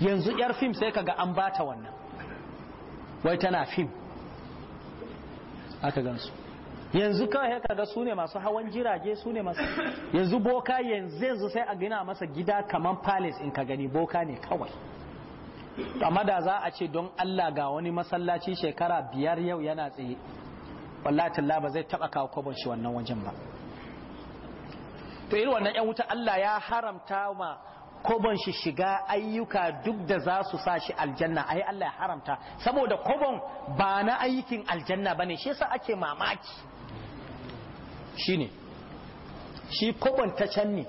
yanzu yar fim sai kaga an bata wannan wai tana fim aka gansu yanzu kawai kaga su ne masu hawan jirage su ne masu yanzu boka yanzu yanzu sai a gina masa gida kaman palace in ka gani boka ne kawai amma da za a ce don Allah ga wani masallaci shekara biyar yau yana tsaye wallahi talla ba zai taba kawo kwabon shi wannan wajen ba to irin wannan yan wuta Allah ya haramta ma kobon shi shiga ayyuka duk da za su sa shi aljanna ai Allah ya haramta saboda kobon ba na aikin aljanna bane shi yasa ake mamaki shine shi kobon ta can ne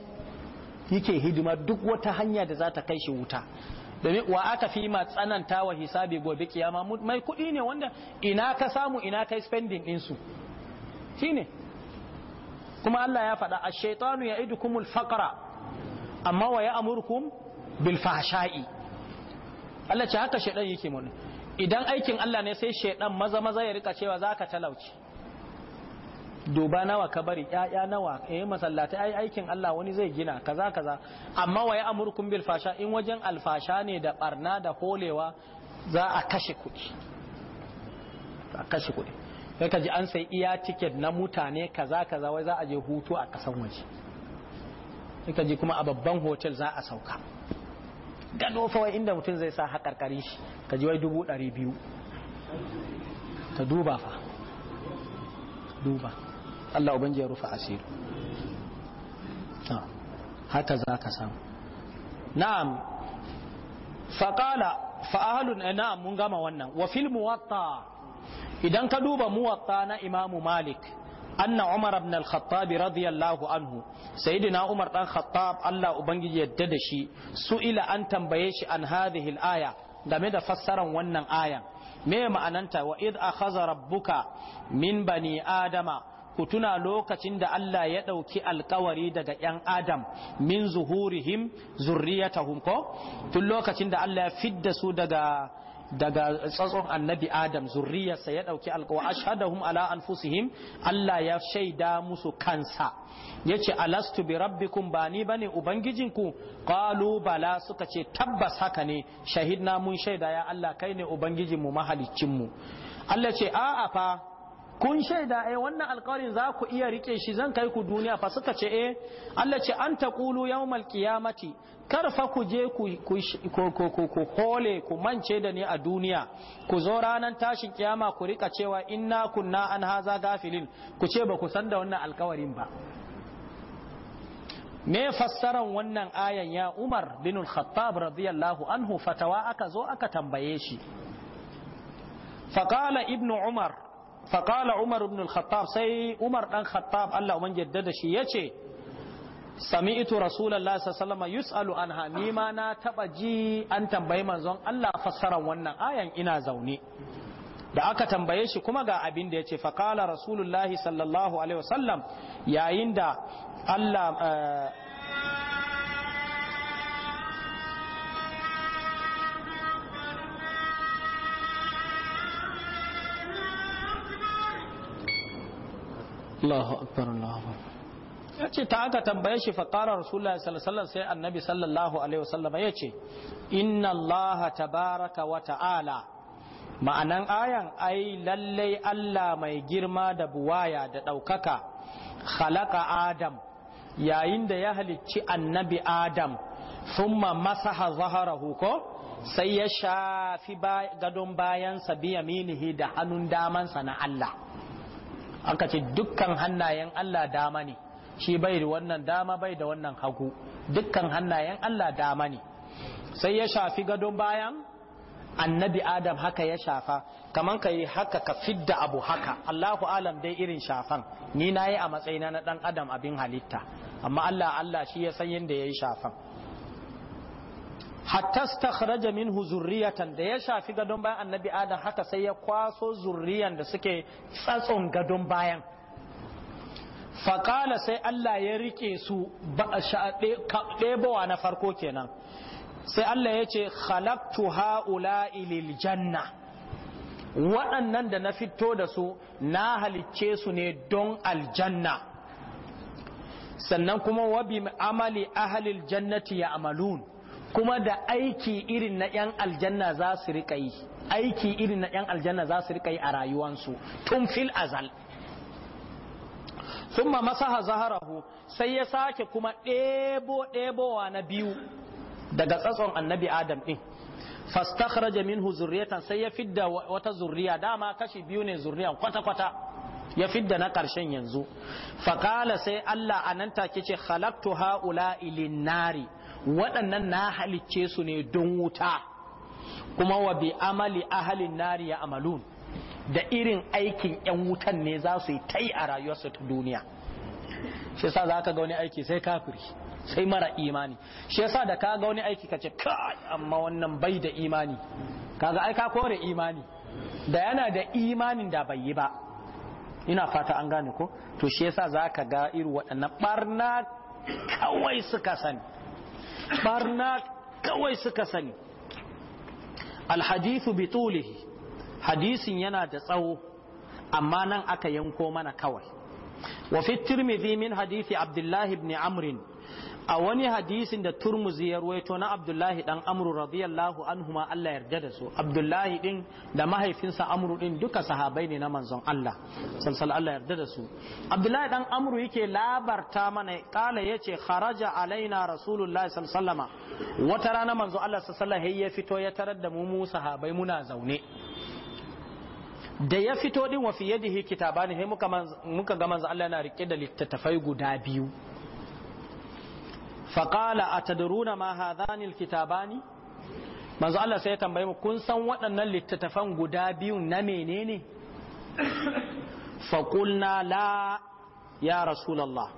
yake hidima duk wata hanya da za ta kai shi wuta domin wa aka fi ma tsananta wa hisabi gobe kiyama mai kudi ne wanda ina ka samu ina kai spending su shine kuma Allah ya faɗa ash-shaytanu ya'idukumul faqra amma wa ya amurkum bil fahsha'i Allah ce haka shedan yake muni. idan aikin Allah ne sai shedan maza maza ya rika cewa zaka talauci duba nawa ka bari ƴaƴa nawa eh masallatai ai aikin Allah wani zai gina kaza kaza amma wa ya amurkum bil fasha in wajen alfasha ne da barna da holewa za a kashe kuɗi a kashe kuɗi sai ka ji an sai iya ticket na mutane kaza kaza wai za a je hutu a kasan waje In ka ji kuma a babban hotel za a sauka fa wai inda mutum zai sa haƙarƙari shi ka ji wai dubu ɗari biyu ta duba fa duba Allah ubangiji ya rufa asiri haka za ka samu na'am faƙala fa'ahalun eh, na'am mun gama wannan wa filmu muwatta idan ka duba muwatta na imamu malik anna umar ibn al-khattab radiyallahu anhu sayyidina umar dan khattab Allah ubangiji yadda da shi su ila an tambaye shi an hadhihi al-aya game da fassaran wannan ayan me ma'ananta wa id akhadha rabbuka min bani adama ku tuna lokacin da Allah ya ɗauki alkawari daga ‘yan Adam min zuhurihim zurriyatahum ko tun lokacin da Allah ya fidda su daga daga tsatson annabi adam zurriyarsa ya ɗauki alkawa ashhadahum ala anfusihim Allah ya shaida musu kansa Ya yace alastu bi rabbikum ba ni bane ubangijinku ku? bala suka ce tabbas haka ne shahidna mun shaida ya Allah kai ne ubangijinmu mahaliccin mu Allah ce a'a fa kun shaida eh wannan alƙawarin za ku iya rike shi zan kai ku duniya fa suka ce eh, Allah ce an taqulu yawmal qiyamati kar fa ku je ku ku ku hole ku mance da ni a duniya ku zo ranan tashin kiyama ku rika cewa inna kunna an haza gafilin ku ce ba ku san da wannan alƙawarin ba me fassaran wannan ayan ya Umar bin Khattab radiyallahu anhu fatawa aka zo aka tambaye shi faqala ibnu Umar faƙala umar ibn al-khattab sai umar dan khattab Allah man yadda da shi ce. sami'tu rasulullah sallallahu alaihi yus'alu anha ni ma na taba ji an tambayi manzon Allah fassarar wannan ayan ina zaune da aka tambaye shi kuma ga abin da yace faƙala rasulullahi sallallahu alaihi wasallam yayin da Allah eh, Allahu ta aka tambaye shi faƙarar rasulullah sallallahu sai annabi sallallahu alaihi wasallam ya ce inna allaha tabaraka wa ta'ala ma'anan ayan ai lallai Allah mai girma da buwaya da ɗaukaka khalaqa adam yayin da ya halicci annabi adam thumma masaha zaharahu ko sai ya shafi gadon bayansa biyaminihi da hannun damansa na Allah aka ce dukkan hannayen Allah dama ne shi bai da wannan dama bai da wannan hagu dukkan hannayen Allah dama ne sai ya shafi gadon bayan annabi adam haka ya shafa kaman ka yi haka ka fidda abu haka Allahu alam dai irin shafan ni na yi a matsayina na dan adam abin halitta amma Allah Allah shi ya san yadda ya yi shafan hatta stakhraja minhu zurriyatan da ya shafi gadon bayan annabi adam haka sai ya kwaso zurriyan da suke tsatson gadon bayan faƙala sai Allah ya rike su ɗebowa na farko kenan sai Allah ya ce khalaqtu ha'ula ilil janna waɗannan da na fito da su na halicce su ne don aljanna sannan kuma wabi amali ahlil jannati ya amalun kuma da aiki irin na 'yan aljanna za su riƙa yi aiki irin na 'yan aljanna za su riƙa yi a rayuwansu tun fil azal summa masaha zaharahu sai ya sake kuma ɗebo ɗebowa na biyu daga tsatson annabi adam ɗin fastakhraja minhu zurriyatan sai ya fidda wata zurriya dama kashi biyu ne zurriyan kwata-kwata ya fidda na ƙarshen yanzu faƙala sai Allah a nan take ce halaktu ha'ula ilin nari waɗannan na halicce su ne don wuta kuma wa bi amali ahalin nari ya amalun da irin aikin 'yan wutan ne za su yi ta yi a rayuwarsu ta duniya shi sa za ka ga wani aiki sai kafiri sai mara imani shi sa da ka ga wani aiki ka ce kai amma wannan bai da imani kaga ai ka kore imani da yana da imanin da bai yi ba ina fata an gane ko to shi yasa za ka ga irin waɗannan ɓarna kawai suka sani barna kawai suka sani alhadithu bi tulihi hadisin yana da tsawo amma nan aka yanko mana kawai wa fi tirmidhi min hadithi abdullahi ibn amrin a wani hadisin da turmuzi ya ruwaito na abdullahi dan amru radiyallahu anhu ma Allah yarda da su abdullahi din da mahaifinsa amru din duka sahabai ne na manzon Allah sallallahu Allah yarda da su abdullahi dan amru yake labarta mana kala yace kharaja alaina rasulullahi sallallahu alaihi wata rana manzon Allah sallallahu alaihi ya fito ya tarar da mu mu sahabai muna zaune da ya fito din wa fiye da kitabani ne muka ga manzo Allah yana rike da littattafai guda biyu faƙala a tadruna ma hadhanil kitabani manzo Allah sai ya tambaye mu kun san waɗannan littattafan guda biyu na menene faƙulna la ya rasulallah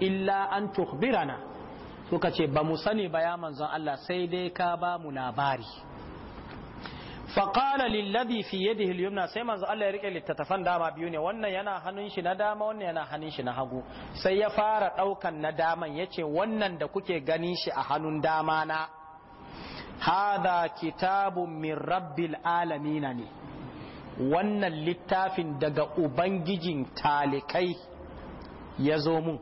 illa an tuhbirana suka ce ba mu sani ba ya manzon Allah sai dai ka ba mu labari faƙala lillabi fi yadihi al-yumna sai manzo Allah ya rike littattafan dama biyu ne wannan yana hannun shi na dama wannan yana hannun shi na hagu sai ya fara ɗaukan na daman yace wannan da kuke ganin shi a hannun dama na Hada kitabun min rabbil alamina ne wannan littafin daga ubangijin talikai ya zo mun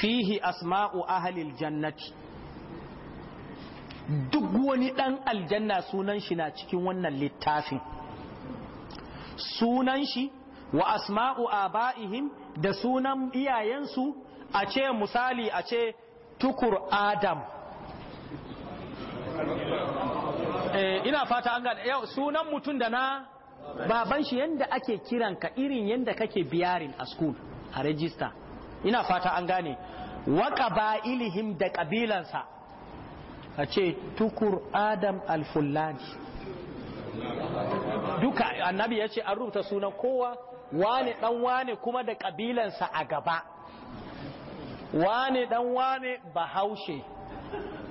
fihi asma'u ahlil jannati duk wani ɗan aljanna sunan shi na cikin wannan littafin sunan shi wa asma'u aba'ihim da sunan iyayensu a ce misali a ce tukur adam eh, ina fata an ga yau sunan mutum da na baban shi yanda ake kiranka irin yadda kake biyarin a school a register ina fata an gane wa ƙaba'ilihim da ƙabilansa a ce tukur adam alfullani duka annabi ya ce an rubuta sunan kowa wane dan wane kuma da kabilansa a gaba wane dan wane bahaushe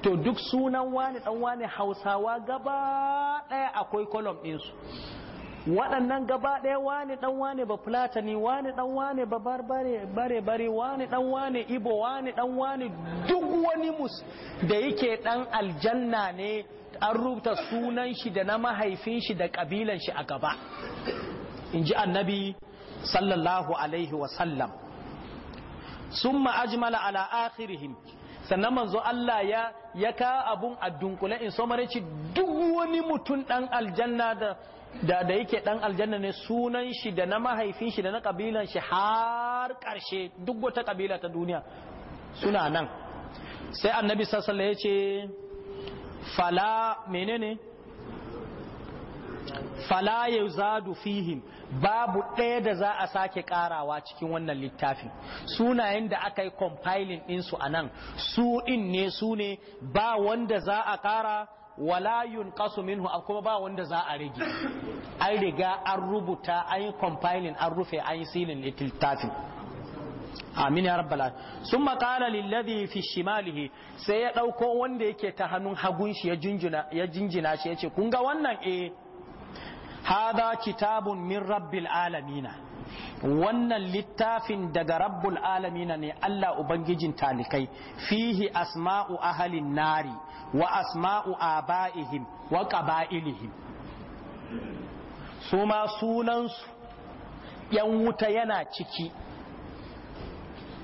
to duk sunan wane dan wane hausawa gaba daya akwai kolom ɗinsu waɗannan gaba ɗaya wani ɗan wani ba fulatani wani ɗan wani ba bare bare wani ɗan wani ibo wani ɗan wani duk wani mus da yake ɗan aljanna ne an rubuta sunan shi da na mahaifin shi da ƙabilan shi a gaba in ji annabi sallallahu alaihi wasallam summa ajmala ala akhirihim sannan manzo Allah ya ya ka abun a dunkule in somare ci duk wani mutum dan aljanna da da da yake dan aljanna ne sunan shi da na mahaifin shi da na kabilan shi har karshe duk wata kabila ta duniya suna nan sai annabi sassala ya fala menene fala ya fihim babu ɗaya da za a sake karawa cikin wannan littafin sunayen da aka yi compiling ɗinsu a nan su in ne su ne ba wanda za a kara wala kasu minhu kuma ba wanda za a rage an riga an rubuta an yi compiling an rufe an yi silin littafin amin ya rabbala sun makana lillazi fi shimalihi sai ya ɗauko wanda yake ta hannun hagun shi ya jinjina shi yace kun ga wannan eh hada kitabun min rabbil alamina wannan littafin daga rabbul alamina ne Allah ubangijin talikai fihi asma'u ahalin nari wa asma'u aba'ihim wa qaba'ilihim su ma sunansu yan wuta yana ciki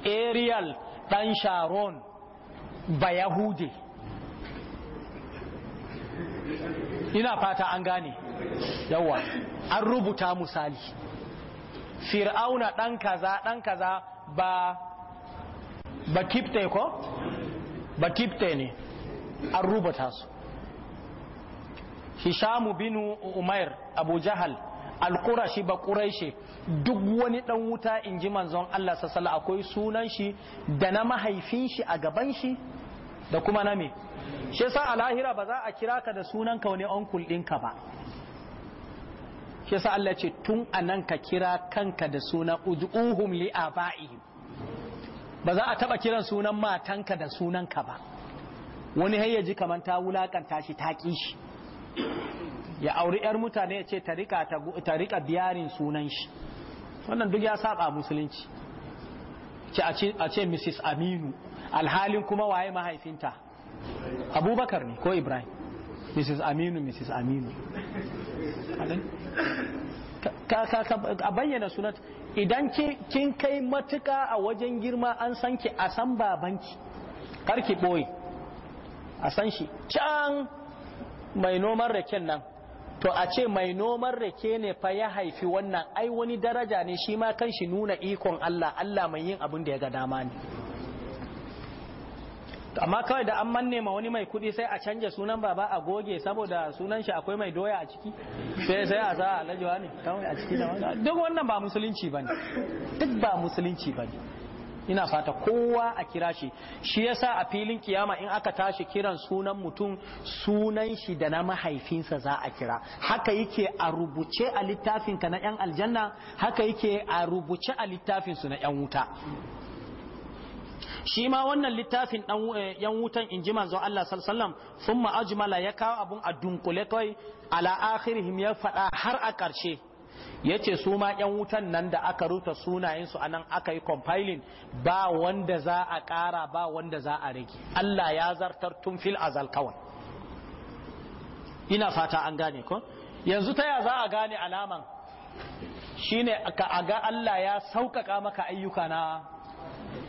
ariel dan sharon ba ina fata an gane yawa an rubuta misali fir'auna dan kaza dan kaza ba ba kifte ko ba kifte ne an rubuta su hishamu bin umair abu jahal alƙurashi ba quraishi duk wani dan wuta inji manzon Allah sassala akwai sunan shi da na mahaifin shi a gaban shi da kuma na me shi yasa a lahira ba za a kira ka da sunan ka wani onkul ɗinka ba shi yasa Allah ce tun nan ka kira kanka da sunan ud'uhum li abaihim ba za a taba kiran sunan matanka da sunan ka ba wani hayyaji kaman ta wulakanta shi ta ki shi ya auri ‘yar mutane ya ce ta rika biyarin sunan shi wannan duk ya saba musulunci A ce a ce mrs aminu alhalin kuma waye mahaifinta abubakar ne ko ibrahim mrs aminu mrs aminu a bayyana sunat idan kin kai matuka a wajen girma an san ki a san babanki karki boye a san shi can mai noman raken nan to a ce mai noman rake ne fa ya haifi wannan ai wani daraja ne shi ma kan shi nuna ikon Allah Allah mai yin abin da ya ga dama ne amma kawai da an manne ma wani mai kuɗi sai a canja sunan baba a goge saboda sunan shi akwai mai doya a ciki sai sai a sa alhaji ne kawai a ciki da wani duk wannan ba musulunci bane duk ba musulunci bane ina fata kowa a kira shi shi yasa a filin kiyama in aka tashi kiran sunan mutum sunan shi da na mahaifinsa za a kira haka yake a rubuce a littafin ka na yan aljanna haka yake a rubuce a littafin su na yan wuta shi ma wannan littafin dan eh, yan wutan inji manzo Allah sallallahu alaihi wasallam thumma ajmala ya kawo abun a dunkule kai ala akhirihim ya fada har a karshe yace su ma yan wutan nan da aka ruta sunayen su anan aka yi compiling ba wanda za a kara ba wanda za a rage Allah ya zartar tun fil azal kawai ina fata an gane ko yanzu ta ya za a gane alaman shine ka aga Allah ya sauƙaƙa maka ayyuka na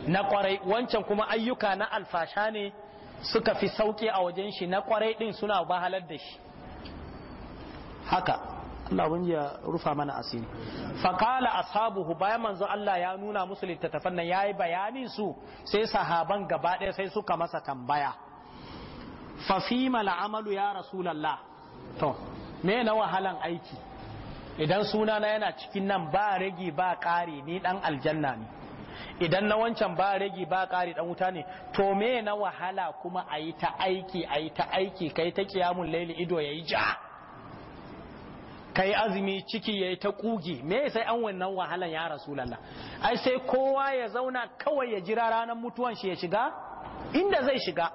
na kwarai wancan kuma ayyuka na alfasha ne suka fi sauki a wajen shi na kwarai din suna bahalar da shi haka Allah bin ya rufa mana asiri faƙala ashabuhu bayan manzo Allah ya nuna musu littafan nan yayi bayanin su sai sahaban gaba ɗaya sai suka masa tambaya fa fima Amalu ya rasulullah to me na wahalan aiki idan sunana yana cikin nan ba rage ba ƙari ni dan aljanna ne idan na wancan ba ragi ba ƙari ɗan wuta ne to me na wahala kuma a yi ta aiki a yi ta aiki kai ta kiyamun laili ido ya yi ja ka yi azumi ciki ya yi ta ƙugi me sai an wannan wahalan ya rasu lalla ai sai kowa ya zauna kawai ya jira ranar mutuwan shi ya shiga inda zai shiga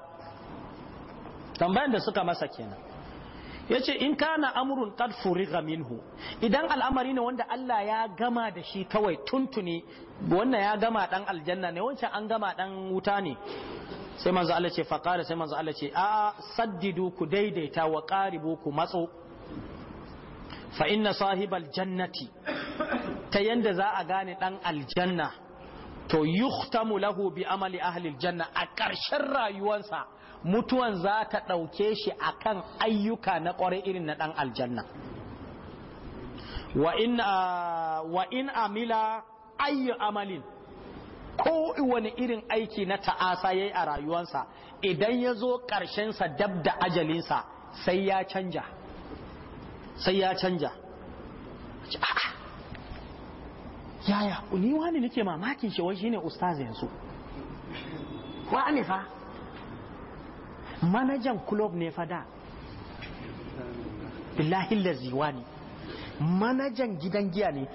tambayan da suka masa kenan ya ce in kana amurun qad furiga minhu idan al'amari ne wanda Allah ya gama da shi kawai tuntuni wannan ya gama dan aljanna ne wancan an gama dan wuta ne sai manzo Allah ce faqala sai manzo Allah ce a saddidu ku daidaita wa qaribu ku matso fa inna sahibal jannati ta yanda za a gane dan aljanna to yuhtamu lahu bi amali ahli aljanna a ƙarshen rayuwarsa mutuwan za ta ɗauke shi a kan ayyuka na ƙwarai irin na ɗan aljanna wa in ayyu amalin ko wani irin aiki na ta'asa yayi a rayuwansa idan ya zo ƙarshensa dab da ajalinsa sai ya canja sai ya canja yaya ni wani nake mamakin shi wai shine ustaz yanzu wani fa manajan club ne fada billahi laziwa ne manajan gidan giya ne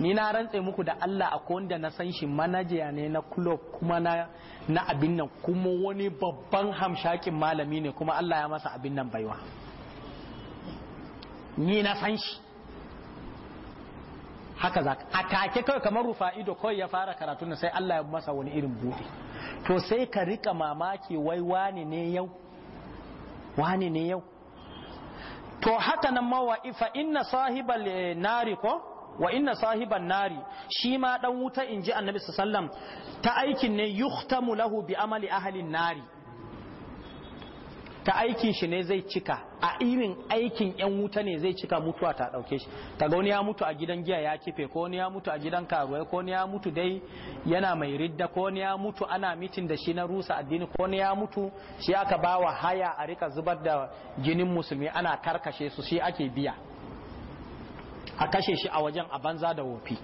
ni na rantse muku da Allah a wanda na san shi manajiya ne na club kuma na na abin nan kuma wani babban hamshakin malami ne kuma Allah ya masa abin nan baiwa ni na san shi haka za a take kawai kamar rufa'ido kawai ya fara karatu sai Allah ya masa wani irin buɗe to sai ka rika mamaki wai wani ne yau wani ne yau to haka nan ma ifa inna sahibal nari ko wa inna sahiban nari shi ma dan wuta inji annabi sallallahu alaihi wasallam ta aikin ne yuhtamu lahu bi amali ahli nari ta aikin shi ne zai cika a irin aikin yan wuta ne zai cika mutuwa ta dauke shi kaga wani ya mutu a gidan giya ya kife ko wani ya mutu a gidan karuwa ko wani ya mutu dai yana mai ridda ko wani ya mutu ana mitin da shi na rusa addini ko wani ya mutu shi aka bawa haya a rika zubar da jinin musulmi ana karkashe su shi ake biya a kashe shi a wajen a banza da wofi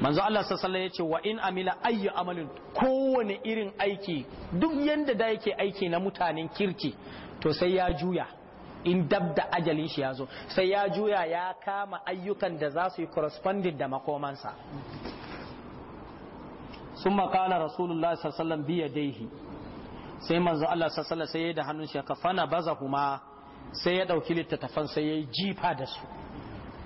manzo Allah sallallahu ya ce wa in amila ayyi amalin kowane irin aiki duk yanda da yake aiki na mutanen kirki to sai ya juya in dab da ajalin shi ya zo sai ya juya ya kama ayyukan da za su yi corresponding da makomansa sun makana rasulullah sallallahu biya daihi sai manzo Allah sallallahu sai ya da hannun shi ka fana baza kuma sai ya ɗauki littattafan sai ya jifa da su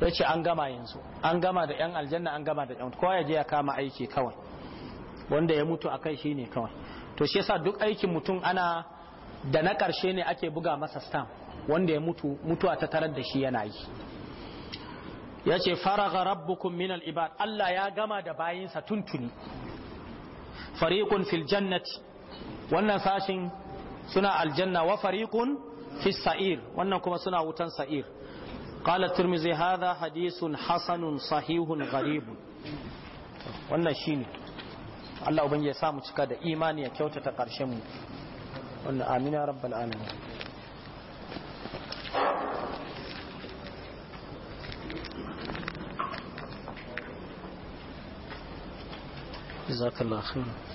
ya ce an gama yanzu an gama da yan aljanna an gama da yan kowa ya je ya kama aiki kawai wanda ya mutu akai shine kawai to shi yasa duk aikin mutum ana da na karshe ne ake buga masa stamp wanda ya mutu mutuwa ta tarar da shi yana yi yace faragha rabbukum min al-ibad Allah ya gama da bayinsa tuntuni fariqun fil jannati wannan sashin suna aljanna wa fariqun fis sa'ir wannan kuma suna wutan sa'ir قال الترمذي هذا حديث حسن صحيح غريب wannan shine Allah ubangi ya samu cika da imani ya kyautata karshen mu wannan amina rabbal alamin جزاك الله خيرا